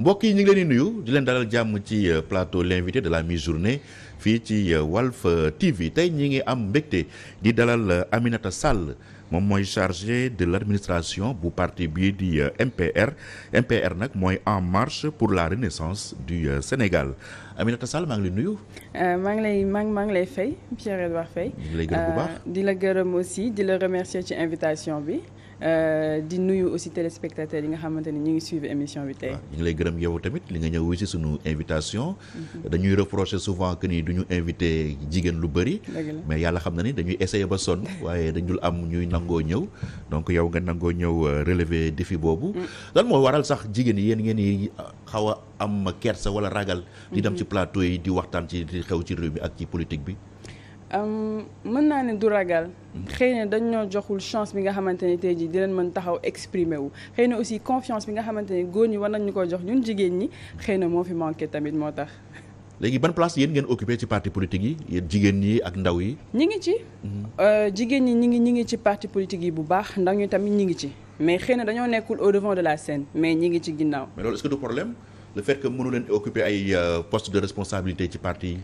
mbokk yi ñu ngi leen nuyu di leen dalal jàmm ci euh, plateau l'invité de la mi-journée fii ci euh, Walf euh, TV tey ñi ngi am mbégte di dalal Aminata Sall moom mooy chargé de l'administration bu parti bii di MPR MPR nag mooy En Marche pour la Renaissance du Sénégal Aminata Sall maa ngi lay nuyu. maa ngi lay maa ngi lay fay Pierre Edouard Faye. di la gërëm di la gërëm aussi di la remercier ci invitation bi. Euh, di nuyu aussi téléspectateurs yi nga xamante ni ñu ngi suivre émission bi tey. ñu ngi lay gërëm yow tamit li nga ñëw wu si sunu invitation. Mhm. dañuy reprocher souvent que nii du ñu invité jigéen lu bëri. mais yàlla xam na ni dañuy essayer ba sonn waaye dañul am ñuy nangoo ñëw donc yow nga nangoo ñëw euh, relever défi boobu. Mm. lan moo waral sax jigéen yi yéen ngeen yi xaw a am kersa wala ragal. di mm-hmm. dem ci plateau yi di waxtaan ci di xew ci réew mi ak ci politique bi. mën naa ne du ragal. xëy na dañu ñoo joxul chance bi nga xamante ne tey jii leen mën taxaw exprimer wu. xëy na aussi confiance bi nga xamante ne góor ñi war nañ ñu ko jox ñun jigéen ñi xëy na moo fi manqué tamit moo tax. léegi ban place yéen ngeen occupé ci parti politique yi yéen jigéen ñi ak ndaw yi. ñi ngi ci. Mhm. Euh, jigéen ñi ñi ngi ñi ngi ci parti politique yi bu baax ndax ñi tamit ñi ngi ci mais xëy na dañoo nekkul au devant de la scène mais ñi ngi ci ginnaaw. mais loolu est-ce que du problème le fait que euh, de responsabilité ci parti yi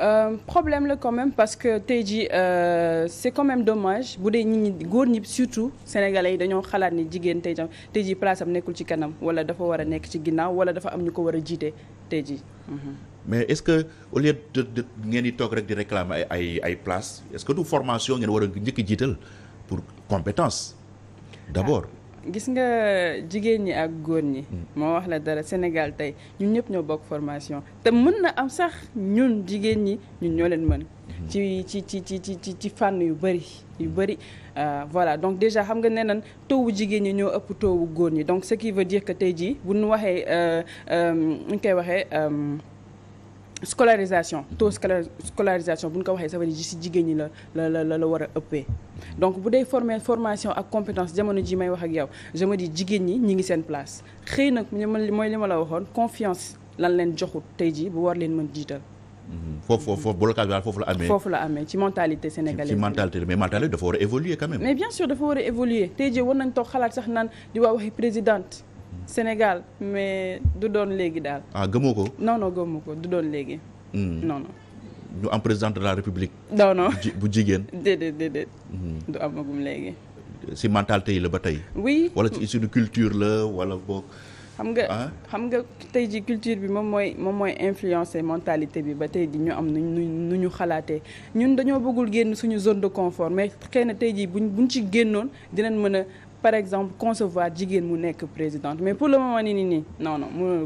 Euh, problème la comme même parce que tey jii euh, c'est comme même dommage bu dee ñi góor ñi surtout sénégalais yi dañoo xalaat ni jigéen tey jam tey jii place am nekkul ci kanam wala dafa war a nekk ci ginnaaw wala dafa am ñu ko war a jiite tey jii. Mhm. mais est-ce que au lieu de ngeen di toog rek di réclamer ay ay place est-ce que du formation ngeen war a njëkk jiital pour compétence d'abord. Ah. gis nga jigéen ñi ak góor ñi. moo hmm. wax la dara Sénégal tey ñun ñëpp ñoo bokk formation te mën na am sax ñun jigéen ñi ñun ñoo leen mën. Hmm. ci ci ci ci ci ci fànn yu bëri yu bëri euh, voilà donc déjà xam nga nee nañ toowu jigéen ñi ñoo ëpp toowu góor ñi donc ce qui veut dire que tey jii bu ñu waxee euh, euh, nu ñu koy waxee. scolarisation taux scolarisation bu ñu ko waxee ça veut dire si jigéen ñi la la la war a ëppee donc bu dee formé formation ak compétence jamono ji may wax ak yow je me dis jigéen ñi ñi ngi seen place xëy nag mooy li ma la waxoon confiance lan leen joxut tey jii bu war leen mën jiital. Mm-hmm. foofu foofu foofu la amee. ci mentalité sénégalaise. ci mentalité mais mentalité dafa war a évoluer quand même. mais bien sûr dafa war a évoluer tey war nañ toog xalaat sax naan di waa waxi présidente. Sénégal mais du doon léegi daal. ah gëmoo ko. non non gëmoo ko du doon léegi. Hmm. non ñu am président de la république. non non bu jigéen. déedéet déedéet. Hmm. du amagum léegi. si mentalité la ba tey. oui wala ci suñu culture la wala boog. xam nga ah. xam nga tey ji culture bi moom mooy moom mooy influencer mentalité bi ba tey ji ñu am nu ñu nu ñu xalaatee ñun dañoo bëggul génn suñu zone de confort mais xëy na tey jii buñ buñ ci génnoon dinañ mën a par exemple concevoir jigéen mu nekk présidente mais pour le moment nii nii nii non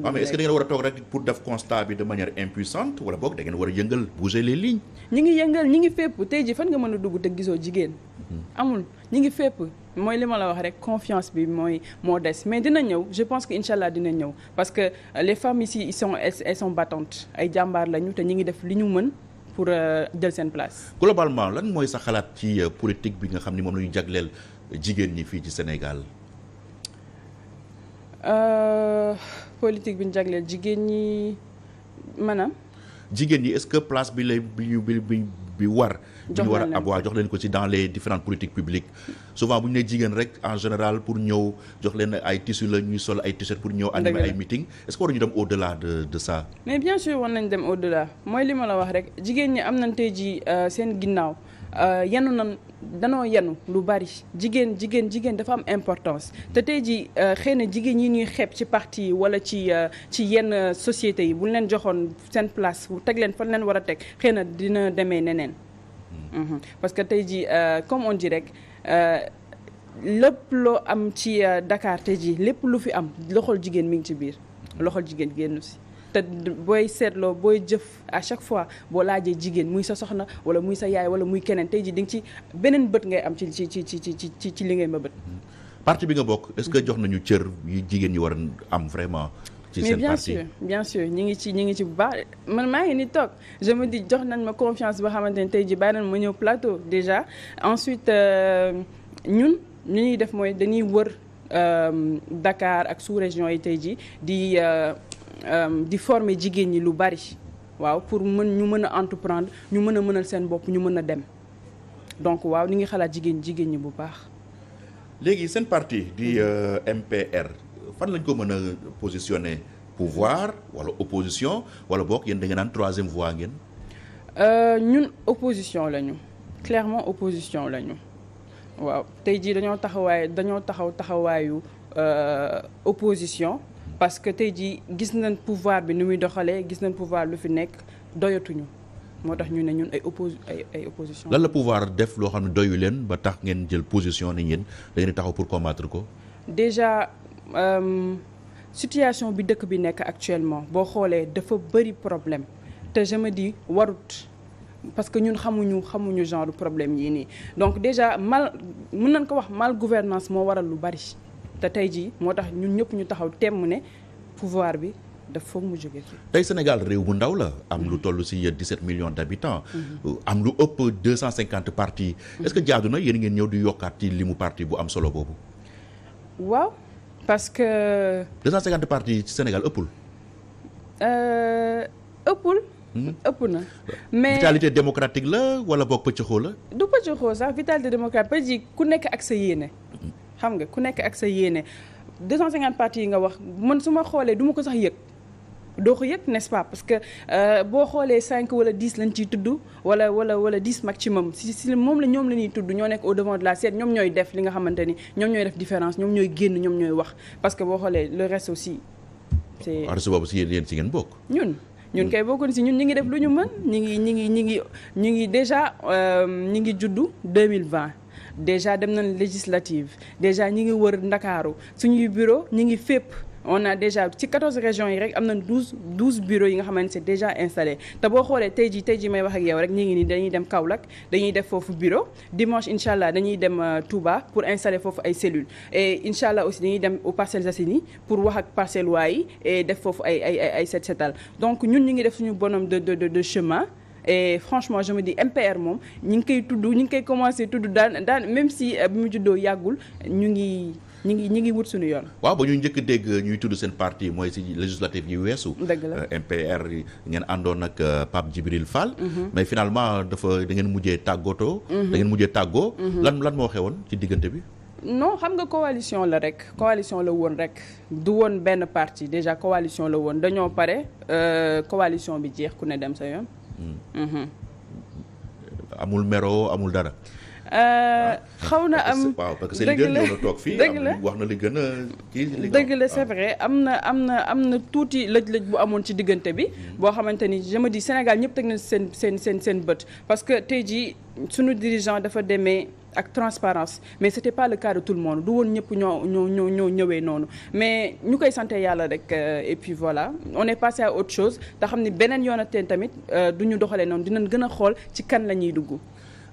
ah, pour def constat bi de manière impuissante wala war a yëngal bouger les lignes. ñi ngi yëngal ñi ngi fépp tey jii fan nga mën a dugg te gisoo jigéen. Mm-hmm. amul ñi ngi fépp mooy li ma la wax rek confiance bi mooy moo des mais dina ñëw je pense que incha allah dina ñëw parce que euh, les femmes ici ils sont elles sont battantes te ñi ngi def li ñu mën. pour euh, jël seen place. globalement lan mooy sa xalaat ci euh, politique bi nga xam ni moom la ñu jagleel jigéen ñi fii ci Sénégal. Euh, politique bi ñu jagleel jigéen ñi maanaam. jigéen ñi est-ce que place bi lay bi bi bi war. bi ñu war a jox leen ko ci dans les différentes politiques publiques souvent bu ñu nee jigéen rek en général pour ñëw jox leen ay tissu la ñuy sol ay t-shirt pour ñëw animer ay meeting est-ce que waruñu dem au-delà de de ça. mais bien sûr war nañ dem au-delà mooy li la wax rek jigéen ñi am na tey ji euh, seen ginnaaw. Euh, yenu na danoo yenu lu bari jigéen jigéen jigéen dafa am importance te tey ji euh, xëy na jigéen yi ñuy xep ci parti wala ci euh, ci yenn sociétés yi buñ leen joxoon seen place teg leen fan leen war a teg xëy na dina demee neneen hmm. mhm. parce que tey ji comme on ji rek lépp loo am ci Dakar tey ji lépp lu fi am loxol jigéen mi ngi ci biir loxol jigéen génnu si te booy seetloo booy jëf à chaque fois boo laajee jigéen muy sa soxna wala muy sa yaay wala muy keneen tey ji di nga ci beneen bët ngay am ci ci ci ci ci ci ci li ngay ma bët mm-hmm. parti bi nga bokk est-ce que jox nañu cër yi jigéen ñi war a am vraiment ci seen parti mais bien sûr bien sûr ñi ngi ci ñi ngi ci bu baax man maa ngi ni toog je me dis jox nañ ma confiance boo xamante ne tey ji bàyyi nañ ma ñëw plateau déjà ensuite euh, ñun ñu def mooy dañuy wër euh, Dakar ak sous-région yi tey ji di euh, Euh, di former jigéen ñi lu bari waaw pour mën ñu mën a entreprendre ñu mën a mënal seen bopp ñu mën a dem donc waaw ñu ngi xalaat jigéen jigéen ñi bu baax. léegi seen parti di euh, MPR fan lañ ko mën a positionner pouvoir wala opposition wala boog yéen da naan troisième voie ngeen. Euh, ñun opposition lañu clairement opposition lañu waaw tey jii dañoo taxawaay dañoo taxaw taxawaayu opposition. parce que tey jii gis nañ pouvoir bi ni muy doxalee gis nañ pouvoir lu fi nekk doyatuñu moo tax ñu ne ñun ay oppos ay ay opposition. lan la pouvoir def loo xam ne doyu leen ba tax ngeen jël position ni yéen da ngeen taxaw pour combattre ko. déjà euh, situation bi dëkk bi nekk actuellement boo xoolee dafa bëri problème te je me warut. parce que ñun xamuñu xamuñu genre problème yii nii donc déjà mal mën nañ ko wax mal gouvernance moo waral lu bari te tey jii moo tax ñun ñëpp ñu taxaw temm ne pouvoir bi daf foog mu jóge tey Sénégal réew bu ndaw la am lu mhm. toll si 17 millions d'habitants mhm. euh, am lu ëpp 250 partis est-ce que mhm. jaadu na yéen ngeen ñëw di yokkaat ci limu parti bu am solo boobu waaw parce que 250 partis ci Sénégal ëppul euh, ëppul hmm? ëpp na euh, mais vitalité démocratique la wala boog pëccëxoo la du pëccëxoo sax vitalité démocratique pëj ku nekk ak sa yéene xam nga ku nekk ak sa yéene 250 parties yi nga wax man su ma xoolee du ko sax yëg doo ko yëg n'est-ce parce que euh, boo xoolee 5 wala dix lañ ci tudd wala wala wala 10 maximum si si moom la ñoom la tudd ñoo nekk au devant de la scène ñoom ñooy def li nga xamante ni ñoom ñooy def différence ñoom ñooy génn ñoom ñooy wax parce que boo xoolee le reste aussi c'est artiste boobu si yéen si ngeen bokk ñun ñun kay bokkoon si ñun ñi ngi def lu ñu mën ñi ngi ñi ngi ñi ngi ñi ngi déjà euh, ñi ngi juddu 2020 déjà dem nañ législative déjà ñi ngi wër Ndakaaru suñuy bureau ñi ngi fépp on a déjà ci 14 régions yi rek am na 12 12 bureaux yi nga xamante c'est déjà installé te boo xoolee tey jii tey jii may wax ak yow rek ñu ngi nii dañuy dem Kaolack dañuy def foofu bureau dimanche incha allah dañuy dem euh, tuba pour installer foofu ay cellules et incha allah aussi dañuy dem aux Parcelles Assainies pour wax ak parcelles waay yi et def foofu ay ay ay set setal donc ñun ñu ngi def suñu bonhomme de de de et franchement je me dis MPR moom ñu ngi koy tudd ñu ngi koy commencé tudd daan daan même si euh, bi mu juddoo yàggul ñu ngi ñu ngi ñu ngi wut suñu yoon. waaw ba ñu njëkk dégg ñuy tudd seen parti mooy si législative yi weesu. dëgg la euh, MPR ngeen àndoon ak euh, Pape Djibril Fall. Mm-hmm. mais finalement dafa da ngeen mujjee tàggatoo. Mm-hmm. da ngeen mujjee tàggoo. Mm-hmm. lan lan moo xewoon ci diggante bi. no xam nga coalition la rek coalition la woon rek du woon benn parti déjà coalition la woon dañoo pare coalition bi jeex ku ne dem sa yoon. Mm-hmm. amul mero amul dara. Euh, xaw na am waaw parce que seen la toog fii wax na li gën a kii dëgg la c'est am na am na am na tuuti lëj-lëj bu amoon ci diggante bi mm-hmm. boo xamante ni je me Sénégal ñëpp teg na seen seen seen seen bët parce que tey jii sunu dirigeant dafa demee ak transparence mais c'était pas le cas de tout le monde du woon ñëpp ñoo ñoo ñoo ñoo ñëwee noonu mais ñu koy sant yàlla rek euh, et puis voilà on est passé à autre chose te xam ni beneen teen tamit euh, du ñu doxalee noonu dinañ gën a xool ci kan la ñuy dugg.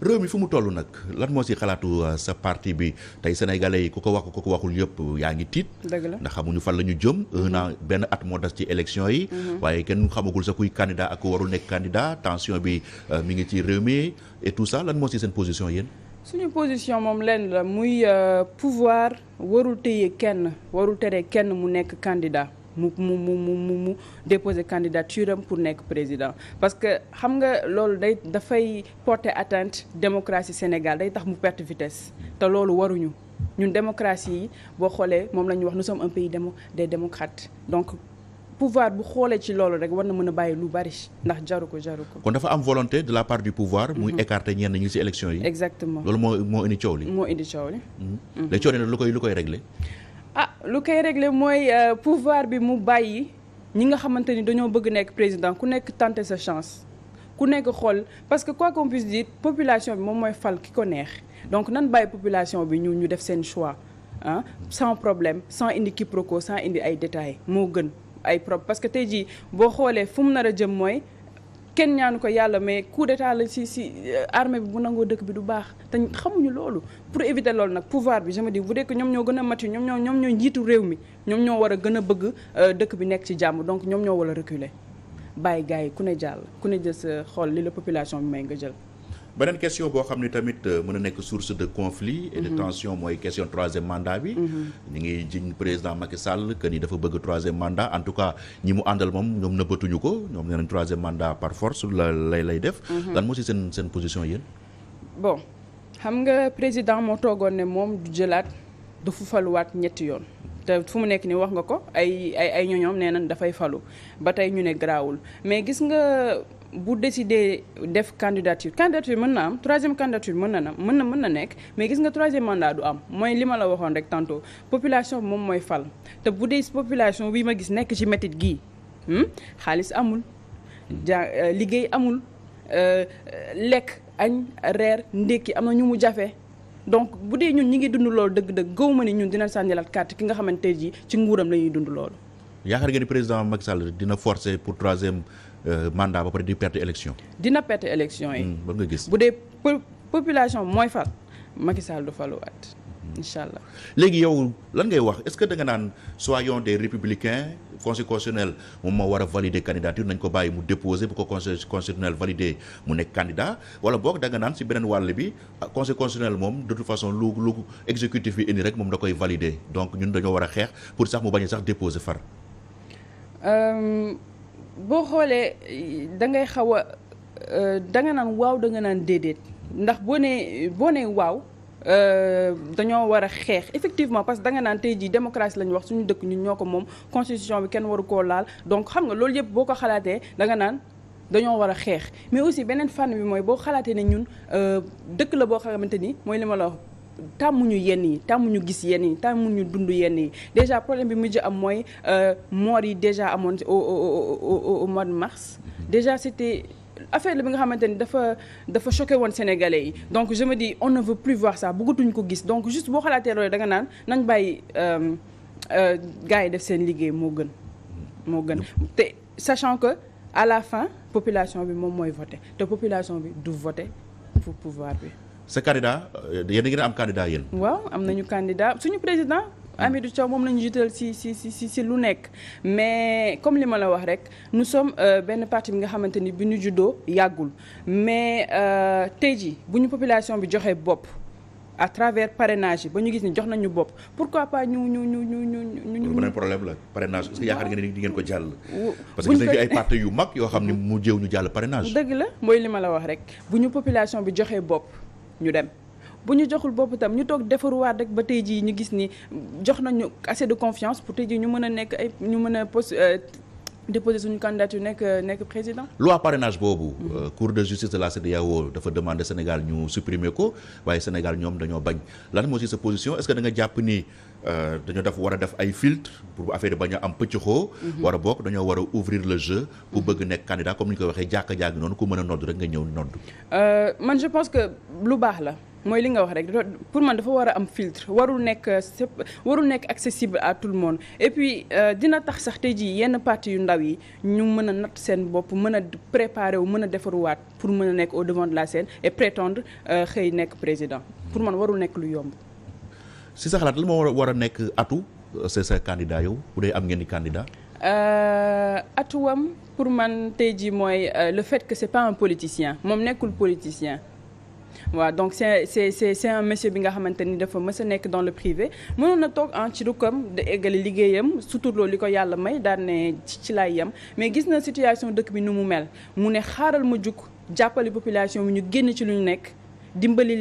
réew mi fu mu toll nag lan moo si xalaatu euh, sa parti bi tey sénégalais yi ku ko wax ku ko waxul yëpp yaa ngi tiit. dëgg ndax xamuñu fan la ñu jëm. un benn at moo des ci élection yi. Mhm. waaye kenn xamagul sa kuy candidat ak warul nekk candidat bi mi ngi ci réew mi et tout lan moo si seen position yéen. suñu position moom lenn la muy euh, pouvoir warul téye kenn warul tere kenn mu nekk candidat mu mu mu mu mu déposer candidature am pour nekk président parce que xam nga loolu day dafay porter atteinte démocratie Sénégal day tax mu perte vitesse te loolu waruñu ñun démocratie yi boo xoolee moom la ñuy wax nous sommes un pays des démocrates donc pouvoir bu xoolee ci loolu rek war na mën a bàyyi lu bari ndax jaru ko jaru ko. kon dafa am volonté de la part du pouvoir. muy mhm. écarter ñenn ñi ci élection yi. exactement loolu moo moo indi coow li. moo indi coow li. léegi mhm. mhm. coow li nag lu koy lu koy régler. ah lu koy régler mooy euh, pouvoir bi mu bàyyi ñi nga xamante ni dañoo bëgg nekk président ku nekk tenter sa chance. ku nekk xool parce que quoi qu'on puisse dire population bi moom mooy fal ki ko neex donc nan bàyyi population bi ñu ñu def seen choix ah sans problème sans indi quiproquo sans indi ay détails moo gën. ay propre parce que tey jii boo xoolee fu mu nar a jëm mooy kenn ñaanu ko yàlla mais coup taal la ci ci euh, armée bi bu nangoo dëkk bi du baax te xamuñu loolu pour éviter loolu nag pouvoir bi je me dis bu dee que ñoom ñoo gën a mat ñoom ñoo ñoom ñoo njiitu réew mi ñoom ñoo war a gën a bëgg euh, dëkk bi nekk ci jàmm donc ñoom ñoo war a reculer bàyyi gars yi ku ne jàll ku ne jël sa xool li la population bi may nga jël beneen question boo xam ne tamit euh, mën a nekk source de conflit et de mhm. tension mooy question troisième mandat bi mhm. ñu ngi jiñ président Macky Sall que ni dafa bëgg troisième mandat en tout cas ñi mu àndal moom ñoom nëbbatuñu ko ñoom nee nañ troisième mandat par force lay lay def mhm. lan moo si seen seen position yéen bon xam nga président moo toogoon ne moom du jëlaat du fu faluwaat ñetti yoon te fu mu nekk nii wax nga ko ay ay ay ñoñoom nee nañ dafay falu ba tey ñu ne garaawul mais gis nga bu décider def candidature candidature mën na am troisième candidature mën na na mën na mën na nekk mais gis nga troisième mandat du am mooy li ma la waxoon rek tantôt population moom mooy fal te bu dee population bi ma gis nekk ci métit gii hmm, xaalis amul ja euh, liggéey amul euh, lekk añ reer ndékki am na ñu mu jafe donc bu dee ñun ñi ngi dund loolu dëgg-dëgg gëw ma ni ñun dina sànnilaat carte ki nga xamante ji ci nguuram la ñuy dund loolu. yaakaar nga ni président Macky Sall dina forcer pour troisième Euh, mandat ba pare di perte élection. dina perte élection yi. Hmm, ba nga gis bu dee population mooy fal Macky Sall du faluwaat incha allah. léegi yow lan ngay wax est-ce que da nga naan soyons des républicains conseil constitutionnel moom moo war a valider candidature nañ ko bàyyi mu déposer bu ko conseil constitutionnel valider mu nekk candidat wala boog da nga naan si beneen wàll bi ah, conseil constitutionnel moom de toute façon lu lu exécutif bi indi rek moom da koy valider donc ñun dañoo war a xeex pour sax mu bañ sax déposer far. Euh, boo xoolee da ngay xaw a euh, danga naan waaw da nga naan déedéet ndax boo nee boo nee waaw euh, dañoo war a xeex effectivement parce que danga naan tey jii démocratie la ñu wax suñu dëkk ñun ñoo ko moom constitution bi kenn waru koo laal donc xam nga loolu yëpp boo ko xalaatee danga naan dañoo war a xeex mais aussi beneen fànn bi mooy boo xalaatee ne ñun euh, dëkk la boo xamante ni mooy li ma la wax. tàmmuñu yenn yi tàmmuñu gis yenn yi tàmmuñu dund yenn yi déjà problème bi mu mujj am mooy euh, moor yi déjà amoon au au au mois de mars déjà c'était affaire la bi nga xamante ni dafa dafa choqué woon sénégalais yi donc je me dis on ne veut plus voir ça bëggatuñ ko gis donc juste boo xalaatee loolu danga naan nañ bàyyi euh, euh, gars yi def seen liggéey moo gën moo gën te sachant que à la fin population bi moom mooy voté te population bi du voté pour pouvoir bi sa candidat euh, yéen a ngi am candidat yéen. waaw am nañu candidat suñu président. Amidou Thiaw moom la ñu jiital si si si si si lu nekk mais comme li ma la wax rek nous sommes euh, benn parti bi nga xamante ni bi ñu juddoo yàggul mais euh, tey jii bu ñu population bi joxe bopp. à travers parrainage yi ba ñu gis ni jox nañu bopp pourquoi pas ñu ñu ñu ñu ñu ñu. beneen problème la parrainage est-ce que di ngeen ko jàll. yu mag yoo xam ni mu jéew ñu jàll parrainage. dëgg la mooy li ma la wax rek bu ñu population bi joxee bopp. ñu dem bu ñu joxul bopp itam ñu toog defaruwaat rek ba tey jii ñu gis ni jox nañu assez de confiance pour tey jii ñu mën a nekk ay ñu mën a pos euh, déposer suñu candidature nekk nekk président. loi parrainage boobu. Mm-hmm. Euh, cour de justice de la CEDEAO dafa demander Sénégal ñu supprimer ko waaye Sénégal ñoom dañoo bañ lan moo ci sa position est danga jàpp nii Euh, dañoo def war a def ay filtre pour affaire bañ a am pëccxoo mhm. war a bokk dañoo war a ouvrir le jeu ku bëgg nekk candidat comme ni ñu ko waxee jàkka jàkk noonu ku mën a nodd rek nga ñëw nodd euh, man je pense que lu baax la mooy li nga wax rek pour man dafa war a am filtre warul nekk euh, warul nekk accessible à tout le monde et puis dina tax sax te jii yenn parti yu ndaw yi ñu mën a natt seen bopp mën a préparer wu mën a defaruwaat pour mën a nekk au devant de la scène et xëy nekk président pour man warul nekk lu yomb si sa xalaat la moo war a nekk atu c'est euh, sa candidat yow bu dee am ngeen di candidat euh, atuwam pour man tey jii mooy euh, le fait que c'est pas un politicien moom nekkul politicien waaw ouais, donc c'est c'est c'est c'est un monsieur bi nga xamante ni dafa mës a nekk dans le privé mënoon na toog ah ci rukkam da eggali liggéeyam suturloo li ko yàlla may daan ne ci laay yem mais gis na situation dëkk bi nu mu mel mu ne xaaral ma jug jàppale population bi ñu génn ci lu ñu nekk dimbali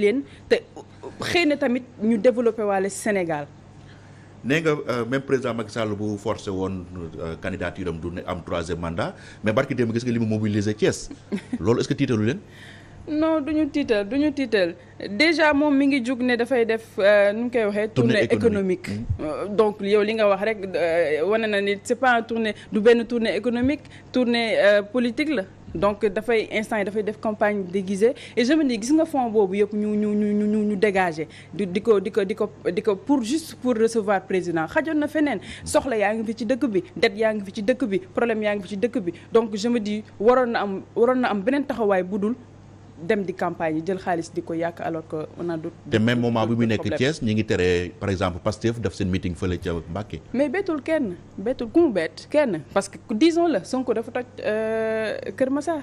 xëy na tamit ñu développé waale Sénégal. nee nga euh, même président Macky Sall bu forcé woon euh, candidature am du ne am troisième mandat mais barki démb gis nga li mu mobiliser Thiès loolu est-ce que tiitalu leen. non du ñu tiital du ñu tiital déjà moom mi ngi jóg ne dafay def euh, nu mu koy waxee. tournée économique mm-hmm. donc yow li nga wax rek wane na ni c'est pas un tournée du benn tournée économique tournée politique la. donc dafay instant yi dafay def campagne déguisée et je gis nga fond boobu yëpp ñu ñu ñu ñu ñu dégagé di di ko di ko di ko di ko pour juste pour recevoir président xajoon na feneen soxla yaa ngi fi ci dëkk bi dette yaa ngi fi ci dëkk bi problème yaa ngi fi ci dëkk bi donc je me waroon na am waroon na am beneen taxawaay bu dul dem di campagne yi jël xaalis di ko yàq alors que on a d'autres te même moment bi mu nekk Thiès ñi ngi tere par exemple Pastef daf seen meeting fële ca Mbacké mais bettul kenn bettul ku mu bett kenn parce que disons la Sonko dafa toj euh, Kër Massar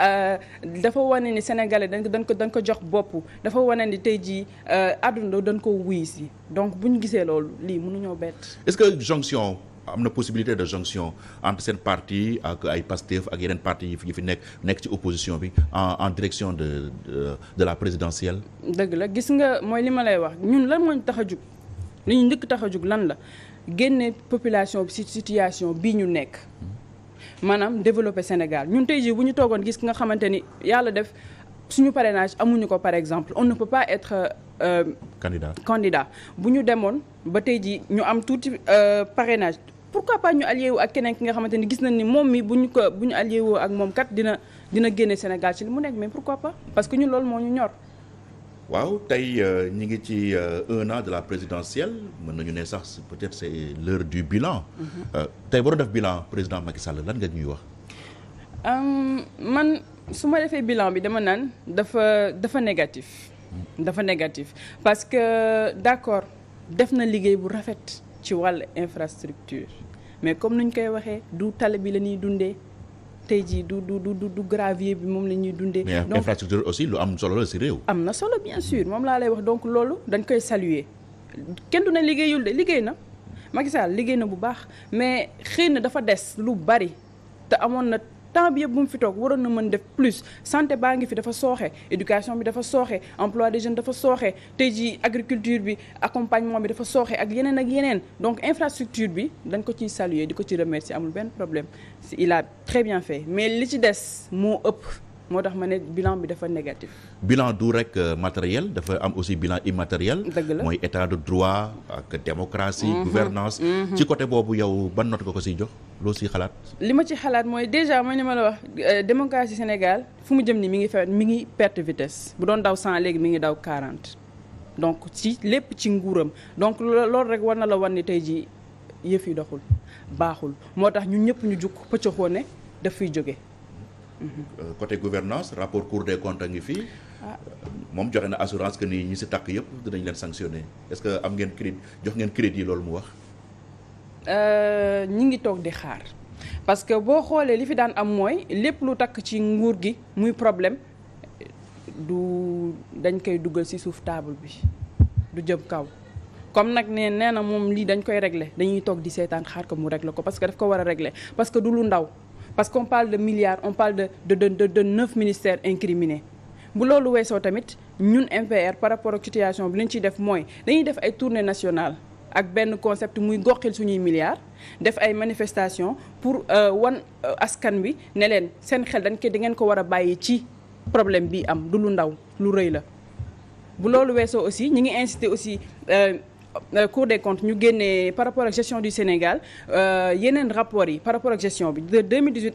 euh, dafa wane ni sénégalais dañ ko dañ ko dañ ko jox bopp dafa wane ni tey jii euh, àdduna dañ ko wuy si donc bu ñu gisee loolu lii mënuñoo bett est-ce que jonction am na possibilité de jonction entre seen parti ak ay Pastef ak yeneen parti yi fi nekk nekk ci opposition bi en en direction de de la présidentielle. dëgg la gis nga mooy li ma lay wax ñun lan moo taxa tax jug li ñu njëkk tax a jug lan la génne population bi ci situation bii ñu nekk. maanaam développer Sénégal ñun tey jii bu ñu toogoon gis nga xamante ni yàlla def suñu parrainage amuñu ko par exemple on ne peut pas être. Euh, candidat candidat bu ñu demoon ba tey jii ñu am tuuti euh, pourquoi pas ñu allié wu ak keneen ki nga xamante ni gis nañ ni moom mi bu ñu ko bu ñu allié woo ak moom kat dina dina génne Sénégal ci li mu nekk mais pourquoi pas parce que ñun loolu moo ñu ñor. waaw tey euh, ñi ngi ci euh, un an de la présidentielle mën nañu ne sax peut-être c'est l'heure du bilan. Mhm. Euh, tey boo def bilan président Macky Sall lan nga ñuy wax. man su ma defee bilan bi dama naan dafa dafa négatif. Mm. dafa négatif parce que d'accord def na liggéey bu rafet. ci wàll infrastructure mais comme ñu koy waxee du tale bi la ñuy dundee tey jii du du du du gravier bi moom la ñuy dundee. donc infrastructure aussi lu am solo la si réew. am na solo bien suir moom laa lay wax donc loolu dañ koy saluer kenn du ne liggéeyul de liggéey na Macky Sall liggéey na bu baax mais xëy na dafa des lu bari te amoon na. temps bi yëpp bu mu fi toog waroon na mën def plus santé baa ngi fi dafa sooxe éducation bi dafa sooxe emploi des jeunes dafa sooxe tey jii agriculture bi accompagnement bi dafa sooxe ak yeneen ak yeneen donc infrastructure bi dañ ko ciy saluer di ko ci remercier amul benn problème il a très bien fait mais li ci des moo ëpp moo tax ma ne bilan bi dafa négatif. bilan du rek euh, matériel dafa am aussi bilan immatériel. mooy état de droit ak démocratie. Mhm. gouvernance mhm. ci côté boobu yow ban note nga ko si jox loo si xalaat. li ma ci xalaat mooy déjà ma ne ma la wax euh, démocratie Sénégal fu mu jëm nii mi ngi fa mi ngi perte vitesse bu doon daw 100 léegi mi ngi daw quarante donc ci lépp ci nguuram donc loolu rek war na la wan ni tey jii yëf yi doxul baaxul moo tax ñun ñëpp ñu jug pëcc xoone daf fiy jóge Euh, côté gouvernance rapport cour des comptes a ngi fii moom joxe na assurance que nii ñu si takk yëpp dinañ leen sanctionner est-ce que am ngeen crédit jox ngeen crédit yi loolu mu wax euh, ñi ngi toog di xaar parce que boo xoolee li fi daan am mooy lépp lu takk ci nguur gi muy problème du dañ koy dugal ci suuf table bi du jëm kaw comme nag nee nee na moom lii dañ koy régler dañuy toog di seetaan xaar ko mu régler ko parce que daf ko war a regle parce que du lu ndaw parce qu'on parle de milliards on parle de de de de, de neuf ministères incriminés bu loolu weesoo tamit ñun MPR par rapport ak situation bi li ñu def mooy dañuy def ay tournée nationale ak benn concept muy goxil suñuy milliards def ay manifestation pour euh, wan euh, askan wi ne leen seen xel dañ ko di ngeen ko war a bàyyi ci problème bi am du lu ndaw lu rëy la bu loolu weesoo aussi ñi ngi incité aussi. Euh, Euh, euh, Cour des comptes ñu génnee par rapport ak gestion du Sénégal euh, yeneen rapport yi par rapport ak gestion bi de 2018